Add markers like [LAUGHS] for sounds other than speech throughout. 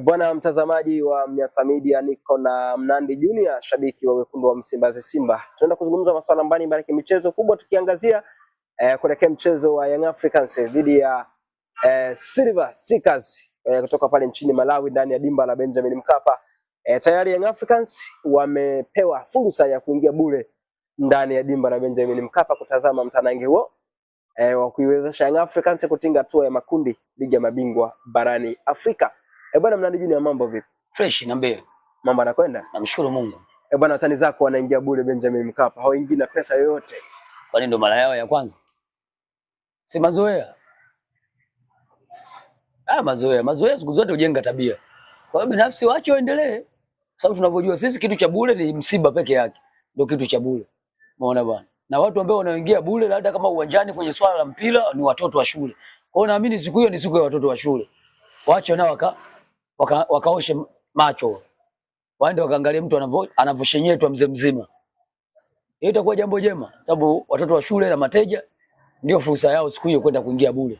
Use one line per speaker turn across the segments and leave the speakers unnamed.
Eh, bwana mtazamaji wa Mnyasa Media, niko na Mnandi Junior, shabiki wa wekundu wa Msimbazi Simba. Tunaenda kuzungumza masuala mbalimbali ya michezo kubwa, tukiangazia eh, kuelekea mchezo wa Young Africans dhidi ya eh, Silver Strikers eh, kutoka pale nchini Malawi ndani ya dimba la Benjamin Mkapa. Eh, tayari Young Africans wamepewa fursa ya kuingia bure ndani ya dimba la Benjamin Mkapa kutazama mtanange huo eh, wa kuiwezesha Young Africans kutinga hatua ya makundi ligi ya mabingwa barani Afrika. Eh, bwana Mnandi Junior mambo vipi?
Fresh niambie.
Mambo yanakwenda?
Namshukuru Mungu.
Eh, bwana watani zako wanaingia bure Benjamin Mkapa, hawaingii na pesa yoyote.
Kwani ndo mara yao ya kwanza? Si mazoea. Ah, mazoea. Mazoea siku zote hujenga tabia. Kwa hiyo binafsi waache waendelee. Sababu tunavyojua sisi kitu cha bure ni msiba peke yake. Ndio kitu cha bure. Umeona bwana? Na watu ambao wanaoingia bure labda kama uwanjani kwenye swala la mpira ni watoto wa shule. Kwa hiyo naamini siku hiyo ni siku ya watoto wa shule. Waache nao waka waka, wakaoshe macho waende wakaangalie mtu anavyoshenyetwa mzee mzima. Hiyo itakuwa jambo jema, sababu watoto wa shule na mateja ndio fursa yao siku hiyo kwenda kuingia bure.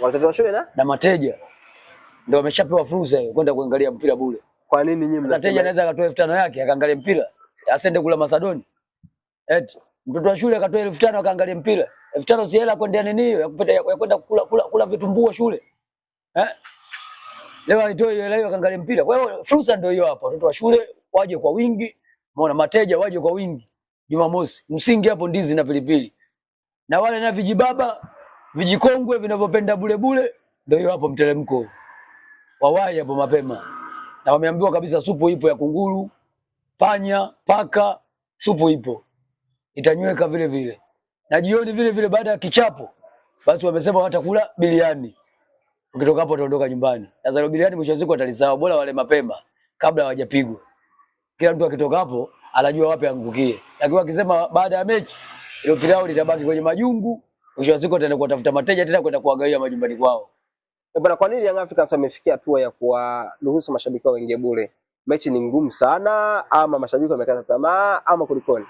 Watoto wa shule na
na mateja ndio wameshapewa fursa hiyo kwenda kuangalia mpira bure.
Kwa nini nyinyi mnasema?
Mateja anaweza akatoa elfu tano yake akaangalia mpira, asende kula Masadoni. Eti mtoto wa shule akatoa elfu tano akaangalie mpira. Elfu tano si hela kwenda nini hiyo ya kupata ya kwenda kula, kula, kula vitumbua shule eh? leo anitoa hiyo hela hiyo akaangalia mpira. Kwa hiyo fursa ndio hiyo hapo, watoto wa shule waje kwa wingi, umeona mateja waje kwa wingi Jumamosi. Msingi hapo ndizi na pilipili na wale na vijibaba vijikongwe vinavyopenda bure bure, ndio hiyo hapo, mteremko wawahi hapo mapema, na wameambiwa kabisa supu ipo ya kunguru, panya, paka, supu ipo itanyweka vile vile, na jioni vile vile baada ya kichapo, basi wamesema watakula biliani. Ukitoka hapo utaondoka nyumbani. Lazaro biliani mwisho siku atalisawa, bora wale mapema kabla hawajapigwa. Kila mtu akitoka hapo anajua wapi angukie. Lakini akisema baada ya mechi ile pilau litabaki kwenye majungu, mwisho siku ataenda kutafuta mateja tena kwenda kuwagawia majumbani kwao.
Eh, bwana, kwa nini Young Africans wamefikia hatua ya kuwaruhusu mashabiki wao waingie bure? Mechi ni ngumu sana ama mashabiki wamekata tamaa ama kulikoni?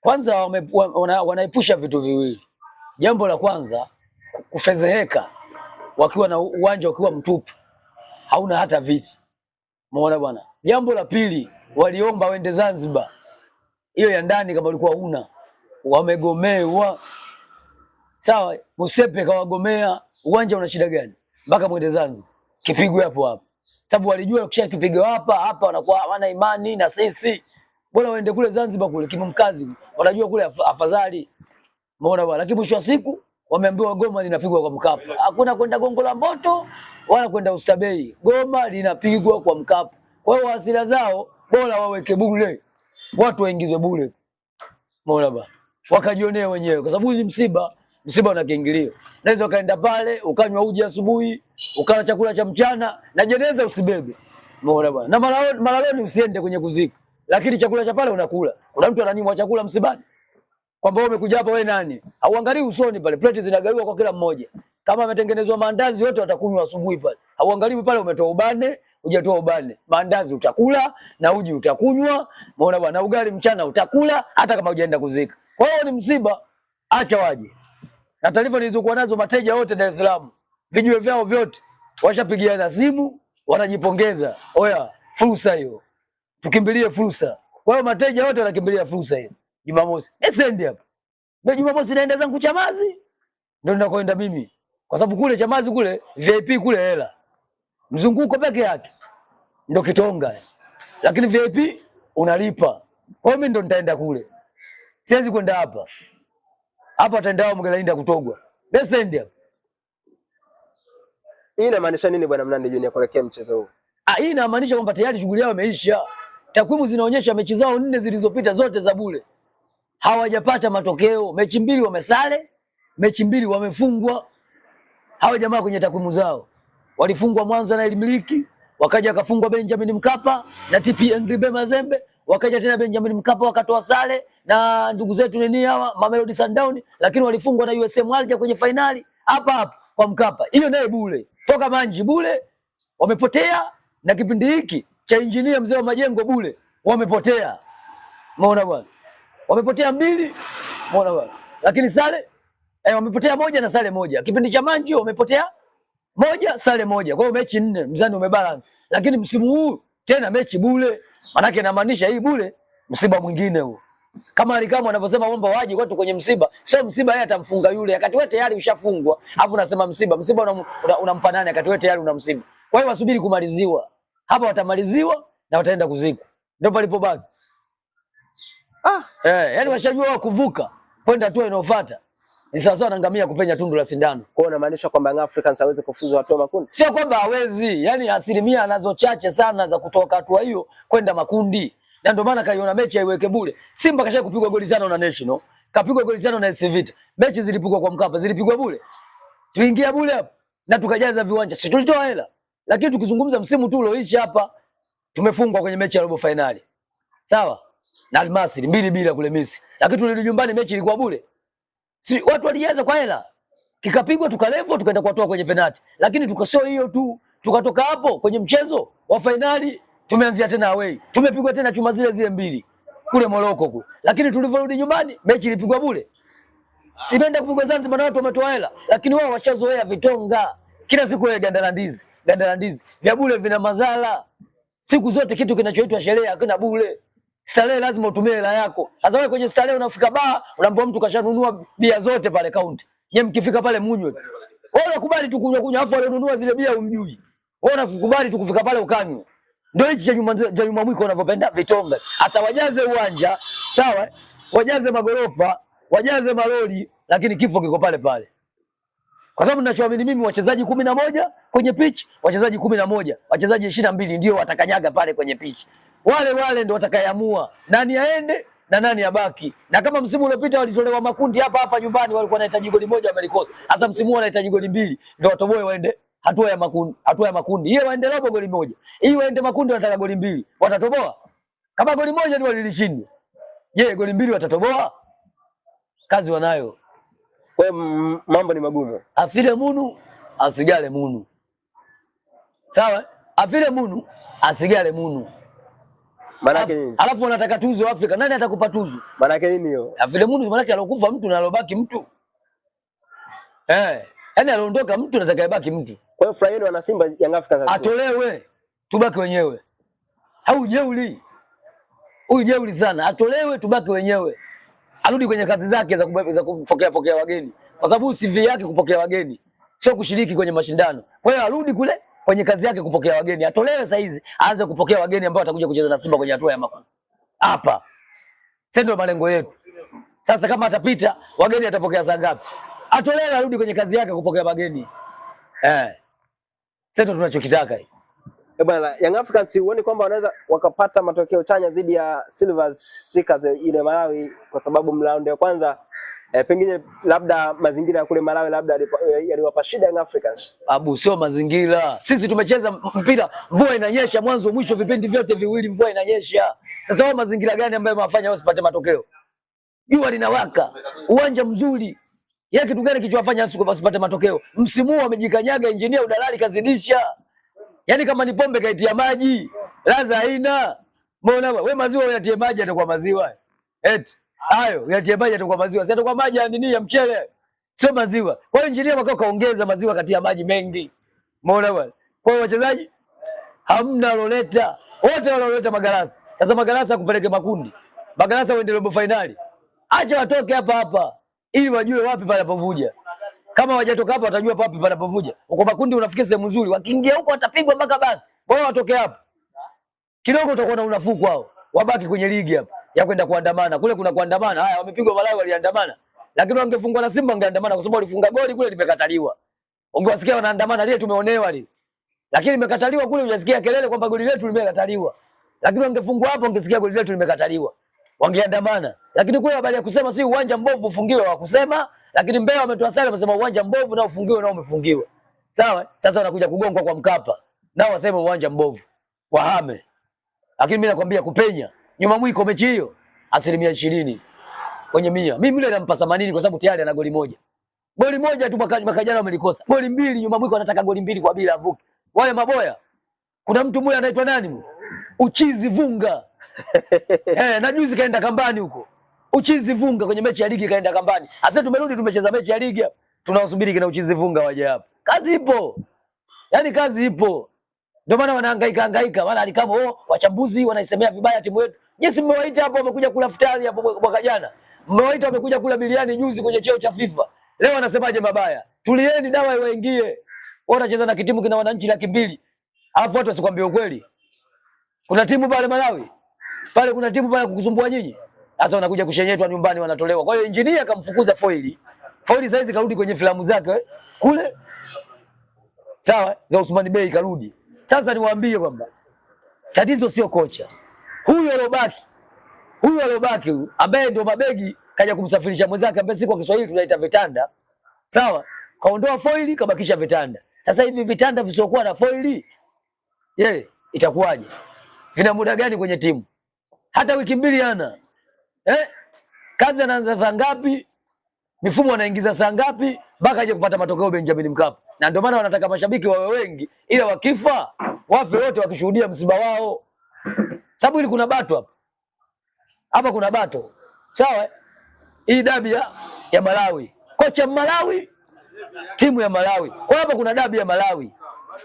Kwanza wanaepusha wana, wana vitu viwili. Jambo la kwanza kufezeheka wakiwa na uwanja ukiwa mtupu, hauna hata viti. Umeona bwana. Jambo la pili, waliomba waende Zanzibar, hiyo ya ndani kama ulikuwa una wamegomewa. Sawa, Musepe kawagomea, uwanja una shida gani mpaka mwende Zanzibar? Kipigwe hapo hapo, sababu walijua kisha kipigwa hapa hapa wanakuwa hawana imani na sisi, bora waende kule Zanzibar, kule kimkazi, wanajua kule afadhali. Umeona bwana, lakini mwisho wa siku wameambiwa Goma linapigwa kwa Mkapa. Hakuna kwenda Gongo la Mboto wala kwenda Ustabei, Goma linapigwa kwa Mkapa. Kwa hiyo hasira zao bora waweke bure, watu waingizwe bure, mbona ba wakajionea wenyewe, kwa sababu ni msiba. Msiba una kiingilio, naweza ukaenda pale ukanywa uji asubuhi, ukala chakula cha mchana na jeneza usibebe, mbona ba na mara leo usiende kwenye kuzika, lakini chakula cha pale unakula. Kuna mtu ananyimwa chakula msibani kwamba wewe umekuja hapa wewe nani? Hauangalii usoni pale, plate zinagawiwa kwa kila mmoja. Kama ametengenezwa maandazi yote watakunywa asubuhi pale. Hauangalii pale umetoa ubane, hujatoa ubane. Maandazi utakula na uji utakunywa, umeona bwana, ugali mchana utakula hata kama hujaenda kuzika. Kwa hiyo ni msiba, acha waje. Na taarifa nilizokuwa nazo mateja wote Dar es Salaam, vijue vyao vyote washapigiana simu, wanajipongeza. Oya, fursa hiyo. Tukimbilie fursa. Kwa hiyo mateja wote wanakimbilia fursa hiyo. Jumamosi. esende hapa. ndio Jumamosi naenda zangu Chamazi. Ndio ninakoenda mimi. Kwa sababu kule Chamazi kule VIP kule hela. Mzunguko peke yake. Ndio kitonga. Lakini VIP unalipa. Kwa hiyo mimi ndio nitaenda kule. Siwezi kwenda hapa. Hapa ataendao mgalainda kutogwa. esende hapa.
Hii inamaanisha nini Bwana Mnandi Junior kuelekea mchezo huu?
Ah, hii inamaanisha kwamba tayari shughuli yao imeisha. Takwimu zinaonyesha mechi zao nne zilizopita zote za bure hawajapata matokeo, mechi mbili wamesale, mechi mbili wamefungwa. Hawa jamaa kwenye takwimu zao walifungwa Mwanza na Elimiliki, wakaja wakafungwa Benjamin Mkapa na TP Mazembe Mazembe, wakaja tena Benjamin Mkapa wakatoa sale na ndugu zetu nini hawa Mamelodi Sundowns, lakini walifungwa na USM Alger kwenye fainali hapa hapa kwa Mkapa. Hiyo naye bule toka manji bule, wamepotea na kipindi hiki cha injinia mzee wa majengo bule wamepotea. Umeona bwana wamepotea mbili, umeona bwana, lakini sare eh, wamepotea moja na sare moja. Kipindi cha manji wamepotea moja sare moja, kwa hiyo mechi nne, mzani umebalance. Lakini msimu huu tena mechi bure, manake inamaanisha hii bure, msiba mwingine huo kama alikama anavyosema kwamba waje watu kwenye msiba, sio msiba yeye atamfunga yule, wakati wewe tayari ushafungwa, alafu unasema msiba. Msiba unampa una, una nani wakati wewe tayari una msiba? Kwa hiyo wasubiri kumaliziwa hapa, watamaliziwa na wataenda kuzikwa, ndio palipobaki ah. Eh, yani washajua wa kuvuka kwenda hatua inayofuata ni sawa sawa na ngamia kupenya tundu la sindano.
Kwa hiyo unamaanisha kwamba Young Africans hawezi kufuzu hatua makundi?
Sio kwamba hawezi, yani asilimia anazo chache sana za kutoka hatua hiyo kwenda makundi, na ndio maana kaiona mechi aiweke bure. Simba kasha kupigwa goli tano na National, kapigwa goli tano na SC Vita. Mechi zilipigwa kwa Mkapa, zilipigwa bure, tuingia bure hapo na tukajaza viwanja, si tulitoa hela. Lakini tukizungumza msimu tu ulioisha hapa, tumefungwa kwenye mechi ya robo fainali, sawa na Almasri mbili bila kule Misri, lakini tulirudi nyumbani, mechi ilikuwa bure. Si watu walianza kwa hela, kikapigwa tukalevo, tukaenda kuwatoa kwenye penalti. Lakini tukasio hiyo tu, tukatoka hapo kwenye mchezo wa fainali, tumeanzia tena away, tumepigwa tena chuma zile zile mbili kule Moroko kule, lakini tulivyorudi nyumbani, mechi ilipigwa bure. Simeenda kupigwa Zanzibar na watu wametoa hela, lakini wao washazoea vitonga kila siku ile ganda la ndizi, ganda la ndizi vya bure vina mazala siku zote, kitu kinachoitwa sherehe hakina bure starehe lazima utumie hela yako. Sasa wewe kwenye starehe unafika baa, unaambia mtu kashanunua bia zote pale kaunti. Je, mkifika pale munywe. Wewe unakubali tu kunywa kunywa, afu alionunua zile bia umjui. Wewe unakubali tu kufika pale ukanywe. Ndio hichi cha nyuma cha nyuma mwiko unavyopenda vitonga. Sasa wajaze uwanja, sawa? Wajaze magorofa, wajaze maroli, lakini kifo kiko pale pale. Kwa sababu ninachoamini mimi wachezaji kumi na moja kwenye pitch, wachezaji kumi na moja, wachezaji ishirini na mbili ndio watakanyaga pale kwenye pitch wale wale ndo watakayeamua nani aende na nani abaki. Na kama msimu uliopita walitolewa makundi hapa hapa nyumbani, walikuwa wanahitaji goli moja wamelikosa. Sasa msimu huu wanahitaji goli mbili ndio watoboe waende hatua ya makundi, hatua ya makundi. Hiyo waende robo goli moja, hii waende makundi wanataka goli mbili, watatoboa? Kama goli moja ndio lilishindwa, je, goli mbili watatoboa? Kazi wanayo.
Kwa mambo ni magumu.
Afile munu asigale munu, sawa. Afile munu asigale munu. Manake nini? Alafu wanataka tuzo Afrika. Nani atakupa tuzo?
Manake nini hiyo?
Vile Mungu manake alokufa mtu na alobaki mtu. Eh, yaani aliondoka mtu na atakayebaki mtu.
Kwa hiyo furaha wana Simba Yanga Young Africans
atolewe. Tubaki wenyewe. Au jeuli. Huyu jeuli sana. Atolewe tubaki wenyewe. Arudi kwenye kazi zake za za kupokea pokea wageni. Kwa sababu CV yake kupokea wageni, sio kushiriki kwenye mashindano. Kwa hiyo arudi kule kwenye kazi yake kupokea wageni, atolewe sasa hizi aanze kupokea wageni ambao watakuja kucheza na Simba kwenye hatua ya makundi. Hapa sasa ndio malengo yetu. Sasa kama atapita wageni atapokea saa ngapi? Atolewe arudi kwenye kazi yake kupokea wageni eh. Sasa ndio tunachokitaka hii
eh, bwana. Young Africans huoni kwamba wanaweza wakapata matokeo chanya dhidi ya Silver Strikers ile Malawi, kwa sababu mlaundi wa kwanza eh, pengine labda mazingira ya kule Malawi labda eh, yaliwapa shida Young Africans.
Abu, sio mazingira. Sisi tumecheza mpira, mvua inanyesha mwanzo mwisho, vipindi vyote viwili mvua inanyesha. Sasa wao mazingira gani ambayo wao sipate matokeo? Jua linawaka, uwanja mzuri, yeye kitu gani kilichowafanya wasipate matokeo? Msimu huu wamejikanyaga, injinia udalali kazidisha. Yaani kama ni pombe kaitia maji, ladha haina. Mbona wewe maziwa unatia maji atakuwa maziwa? Eti hayo ya tiebaji yatakuwa maziwa, si yatakuwa maji ya yaani nini ya mchele, sio maziwa. Kwa hiyo injinia mwaka kaongeza maziwa kati ya maji mengi, umeona bwana. Kwa hiyo wachezaji hamna loleta, wote wanaoleta magarasa sasa. Magarasa kupeleke makundi, magarasa waende robo finali, acha watoke hapa hapa ili wajue wapi panapovuja. Kama wajatoka hapa watajua papi panapovuja. Kwa makundi unafikia sehemu nzuri, wakiingia huko watapigwa mpaka basi. Bora watoke hapa kidogo, utakuwa na unafuu kwao, wabaki kwenye ligi hapa ya kwenda kuandamana. Kule kuna kuandamana. Haya wamepigwa Malawi waliandamana. Lakini wangefungwa na Simba wangeandamana kwa sababu walifunga goli kule limekataliwa. Ungewasikia wanaandamana lile tumeonewa lile. Lakini limekataliwa kule unasikia kelele kwamba goli letu limekataliwa. Lakini wangefungwa hapo ungesikia goli letu limekataliwa. Wangeandamana. Lakini kule habari ya kusema si uwanja mbovu ufungiwe wa kusema, lakini Mbeya wametoa sare wamesema uwanja mbovu na ufungiwe na umefungiwa. Sawa? Sasa wanakuja kugongwa kwa Mkapa. Nao waseme uwanja mbovu. Wahame. Lakini mimi nakwambia kupenya nyuma Mwiko mechi hiyo asilimia ishirini kwenye mia. Mimi yule nampa themanini kwa sababu tayari ana goli moja. Goli moja tu mwaka jana wamelikosa. Goli mbili nyuma Mwiko anataka goli mbili kwa bila avuke. Wale maboya. Kuna mtu mmoja anaitwa nani mu? Uchizi Vunga. [LAUGHS] Eh, na juzi kaenda kambani huko. Uchizi Vunga kwenye mechi ya ligi kaenda kambani. Asa tumerudi tumecheza mechi ya ligi hapa. Tunawasubiri kina Uchizi Vunga waje hapa. Kazi ipo. Yaani kazi ipo. Ndio maana wanahangaika hangaika, wala alikamo oh, wachambuzi wanaisemea vibaya timu yetu. Nyinyi mmewaita hapo wamekuja kula futari hapo mwaka jana. Mmewaita wamekuja kula biliani juzi kwenye cheo cha FIFA. Leo anasemaje mabaya? Tulieni dawa iwaingie. Wao cheza na kitimu kina wananchi laki mbili. Alafu watu wasikwambie ukweli. Kuna timu pale Malawi. Pale kuna timu pale kukusumbua nyinyi. Sasa wanakuja kushenyetwa nyumbani wanatolewa. Kwa hiyo injinia akamfukuza foili. Foili saizi karudi kwenye filamu zake eh, kule. Sawa, za Usmani Bey karudi. Sasa niwaambie kwamba tatizo sio kocha huyu alobaki, huyu alobaki huyu ambaye ndio mabegi kaja kumsafirisha mwenzake ambaye si kwa Kiswahili tunaita vitanda. Sawa? Kaondoa foili kabakisha vitanda. Sasa hivi vitanda visiokuwa na foili yeye itakuwaje? Vina muda gani kwenye timu? Hata wiki mbili ana Eh? Kazi anaanza saa ngapi? Mifumo anaingiza saa ngapi mpaka aje kupata matokeo Benjamin Mkapa? Na ndio maana wanataka mashabiki wawe wengi, ila wakifa wafe wote wakishuhudia msiba wao sababu ili kuna bato hapa hapa, kuna bato sawa. Hii dabi ya, ya Malawi, kocha Malawi, timu ya Malawi. Kwa hapa kuna dabi ya Malawi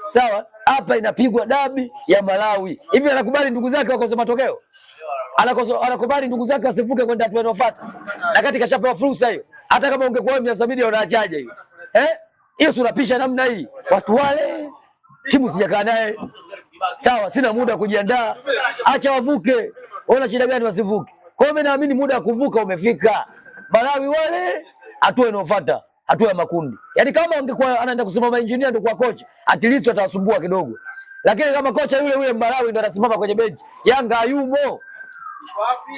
sawa, hapa inapigwa dabi ya Malawi. Hivi anakubali ndugu zake wakose matokeo? Anakubali ndugu zake wasivuke kwenda hatua inayofuata, na kati kachapewa fursa hiyo. Hata kama ungekuwa wewe mnasamidi unaachaje hiyo eh? Hiyo sura picha namna hii, watu wale timu sijakaa naye sawa, sina muda wa kujiandaa, acha wavuke. Ona shida gani wasivuke? Kwa hiyo mimi naamini muda wa kuvuka umefika. Malawi wale hatua inayofuata hatua ya makundi. Yaani kama ungekuwa anaenda kusimama engineer ndio kwa kocha, at least atawasumbua kidogo. Lakini kama kocha yule yule Malawi ndio anasimama kwenye benchi, Yanga hayumo.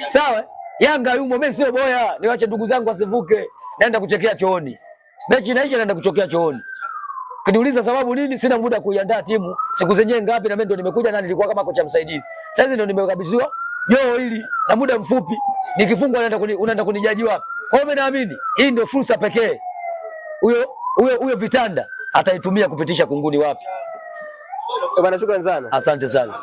Sawa? Eh? Yanga hayumo, mimi sio boya, niwaache ndugu zangu wasivuke. Naenda kuchekea chooni. Mechi inaisha naenda kuchokea chooni. Ukiniuliza sababu nini, sina muda kuiandaa timu. Siku zenyewe ngapi na mimi ndo nimekuja na nilikuwa kama kocha msaidizi. Sasa ndo nimekabidhiwa joo hili na muda mfupi. Nikifungwa unaenda kuni, unaenda kunijaji wapi? Kwa hiyo naamini hii ndio fursa pekee. Huyo huyo huyo vitanda ataitumia kupitisha kunguni wapi?
Bwana, shukrani sana. Asante sana.